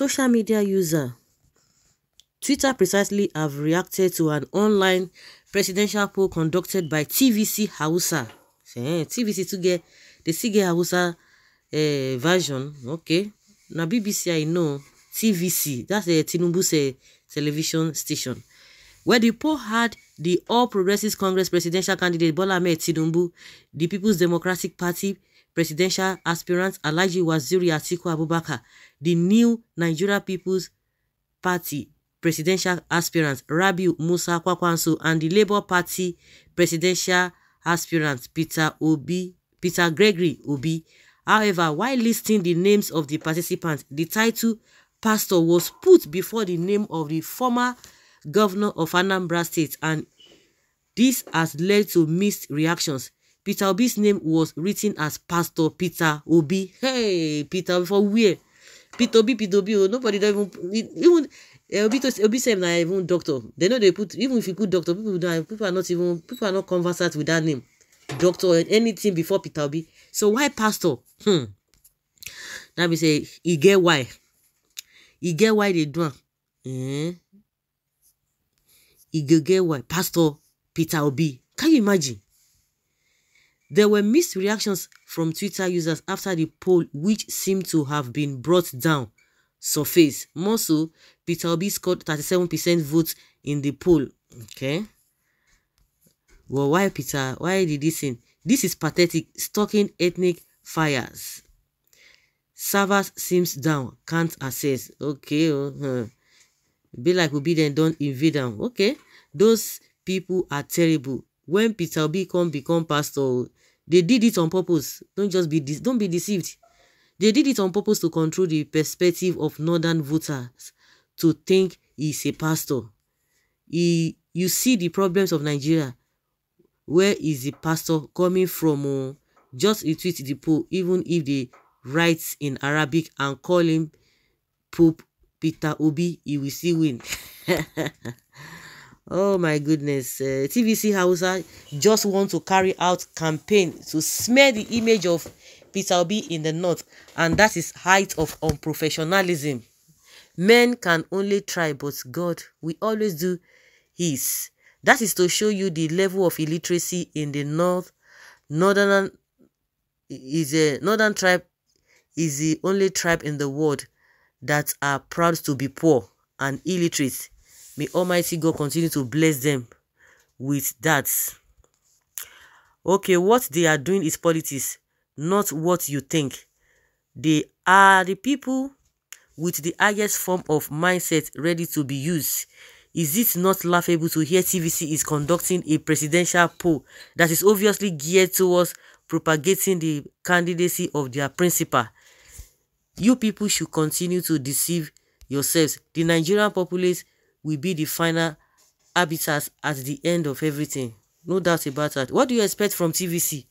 Social media user Twitter precisely have reacted to an online presidential poll conducted by TVC Hausa. TVC to get the Sige Hausa eh, version. Okay. Now BBC I know TVC. That's a eh, Tinubu's eh, television station. Where the poll had the All Progressives Congress presidential candidate Bola Ahmed Tinubu, the People's Democratic Party presidential aspirant Alhaji Waziri Atiku Abubakar, the new Nigeria People's Party presidential aspirant Rabiu Musa Kwakwanso, and the Labour Party presidential aspirant Peter Obi, Peter Gregory Obi. However, while listing the names of the participants, the title pastor was put before the name of the former governor of Anambra State, and this has led to mixed reactions. Peter Obi's name was written as Pastor Peter Obi. Hey, Peter Obi for where? Peter Obi, Peter Obi, oh, nobody don't even even uh, Obi Obi say na even doctor. They know they put even if you put doctor, people don't people are not even people are not conversant with that name, doctor or anything before Peter Obi. So why pastor? Hmm. Now we say he get why. He get why they do. Mm he go get wife pastor peter obi can you imagine there were mixed reactions from twitter users after the poll which seemed to have been brought down surface more so peter obi scored 37 percent votes in the poll okay well why peter why did this thing this is pathetic stalking ethnic fires servers seems down can't assess. okay uh -huh be like obi dem don invade am okay those people are terrible when peter obi come become pastor they did it on purpose don't just be don't be deceived they did it on purpose to control the perspective of northern voters to think he's a pastor he you see the problems of nigeria where is the pastor coming from uh, just retweet the pope even if they write in arabic and call him pope Peter Obi, you will see win. oh my goodness. Uh, eh, TVC Hausa just want to carry out campaign to smear the image of Peter Obi in the north. And that is height of unprofessionalism. Men can only try, but God we always do his. That is to show you the level of illiteracy in the north. Northern is a eh, northern tribe is the only tribe in the world that are proud to be poor and illiterate. May Almighty God continue to bless them with that. Okay, what they are doing is politics, not what you think. They are the people with the highest form of mindset ready to be used. Is it not laughable to hear TVC is conducting a presidential poll that is obviously geared towards propagating the candidacy of their principal? You people should continue to deceive yourselves. The Nigerian populace will be the final habitat at the end of everything. No doubt about that. What do you expect from TVC?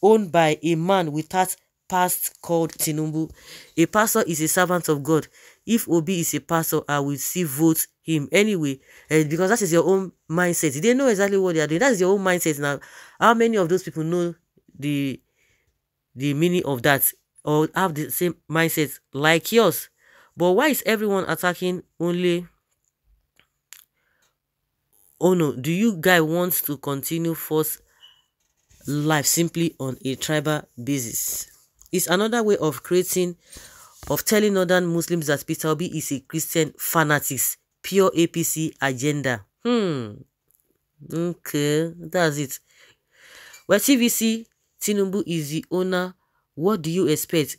Owned by a man without past called Tinubu. A pastor is a servant of God. If Obi is a pastor, I will see vote him anyway. And eh, because that is your own mindset. They know exactly what they are doing. That is your own mindset now. How many of those people know the the meaning of that? or have the same mindset like yours. But why is everyone attacking only? Oh no, do you guy wants to continue force life simply on a tribal basis? It's another way of creating, of telling northern Muslims that Peter Obi is a Christian fanatics, pure APC agenda. Hmm. Okay, that's it. Well, TVC, Tinubu is the owner What do you expect?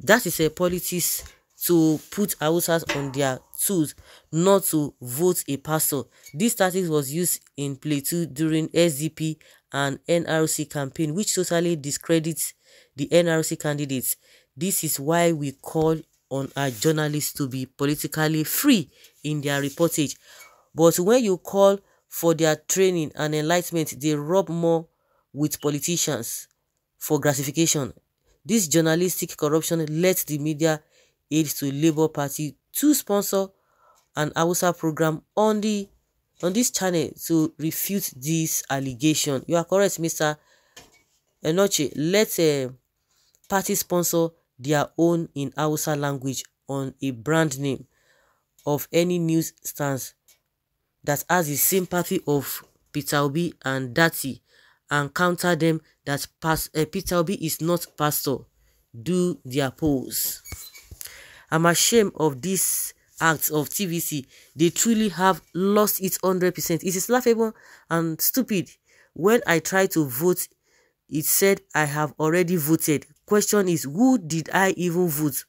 That is a politics to put Hausas on their tools, not to vote a pastor. This tactic was used in play two during SDP and NRC campaign, which totally discredits the NRC candidates. This is why we call on our journalists to be politically free in their reportage. But when you call for their training and enlightenment, they rub more with politicians for gratification This journalistic corruption led the media aid to Labour Party to sponsor an Hausa program on on this channel to refute this allegation. You are correct, Mr. Enoche. Let a eh, party sponsor their own in Hausa language on a brand name of any news stance that has the sympathy of Peter Obi and Dati and counter them that Pas- uh, Peter Obi is not pastor. Do their polls. I'm ashamed of this act of TVC. They truly have lost it 100%. It is laughable and stupid. When I try to vote, it said I have already voted. Question is, who did I even vote?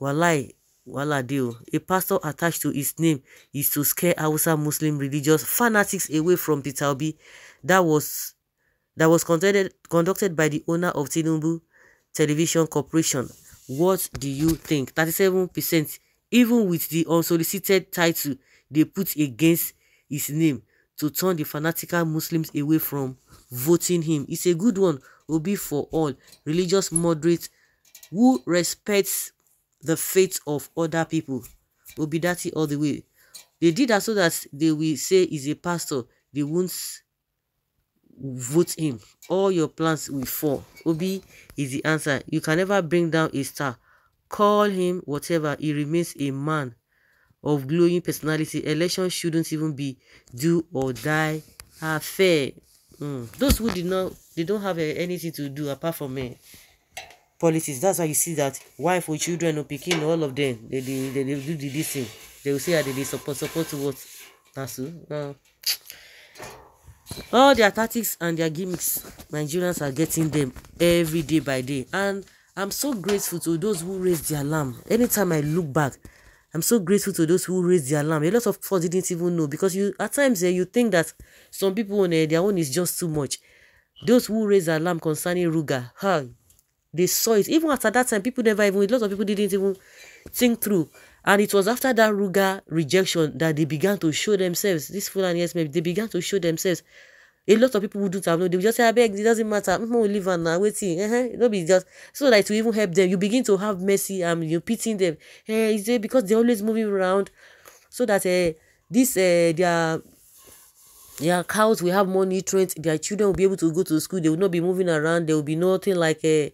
Walai, Wala deal. Oh. A pastor attached to his name is to scare Hausa Muslim religious fanatics away from Peter Obi. that was that was conducted, conducted by the owner of Tinubu Television Corporation. What do you think? 37%, even with the unsolicited title they put against his name to turn the fanatical Muslims away from voting him. It's a good one, Will be for all, religious moderates who respects the faith of other people. Obi Dati all the way. They did that so that they will say he's a pastor. They won't vote him all your plans will fall obi is the answer you can never bring down a star call him whatever he remains a man of glowing personality election shouldn't even be do or die affair mm. those who did not they don't have uh, anything to do apart from uh, politics that's why you see that wife or children or picking all of them they they they dey do the this thing they go say ah they dey support support what na Uh, all their tactics and their gimmicks nigerians are getting them every day by day and i'm so grateful to those who raised the alarm anytime i look back i'm so grateful to those who raised the alarm a lot of people didn't even know because you at times eh, you think that some people on eh, their own is just too much those who raised alarm concerning ruga huh, they saw it even after that time people never even a lot of people didn't even think through And it was after that Ruga rejection that they began to show themselves. This Fulani Esme, they began to show themselves. A lot of people wouldn't have They would just say, I beg, it doesn't matter. I'm going to leave now waiting. Uh-huh. Eh, It'll eh. be just so that to even help them, you begin to have mercy and you're pitying them. Hey, eh, because they're always moving around so that uh, this uh, their their cows will have more nutrients, their children will be able to go to school, they will not be moving around, there will be nothing like uh,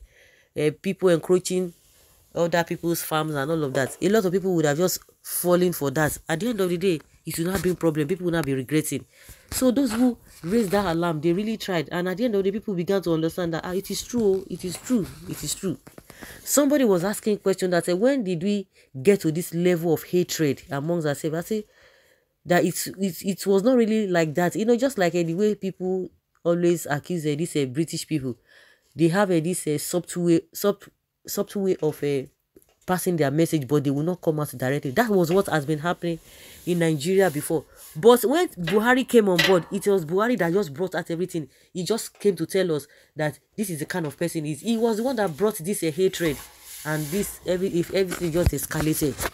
uh, people encroaching other people's farms and all of that. A lot of people would have just fallen for that. At the end of the day, it will not be a problem. People will not be regretting. So those who raised that alarm, they really tried. And at the end of the day, people began to understand that ah, it is true, oh, it is true, it is true. Somebody was asking a question that said, when did we get to this level of hatred amongst ourselves? I say that it's, it it was not really like that. You know, just like any eh, way people always accuse uh, these uh, British people. They have uh, this uh, subtle way, sub subtle way of uh, passing their message, but they will not come out directly. That was what has been happening in Nigeria before. But when Buhari came on board, it was Buhari that just brought out everything. He just came to tell us that this is the kind of person he is. He was the one that brought this uh, hatred and this every if everything just escalated.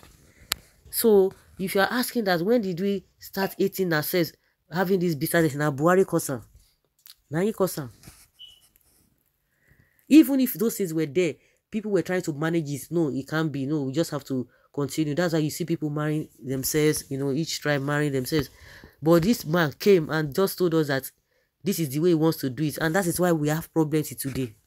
So if you are asking that when did we start eating ourselves having this bitterness na Buhari kosa? Nani he kosa. Even if those things were there, people were trying to manage it. No, it can't be. No, we just have to continue. That's why you see people marrying themselves, you know, each tribe marrying themselves. But this man came and just told us that this is the way he wants to do it. And that is why we have problems today.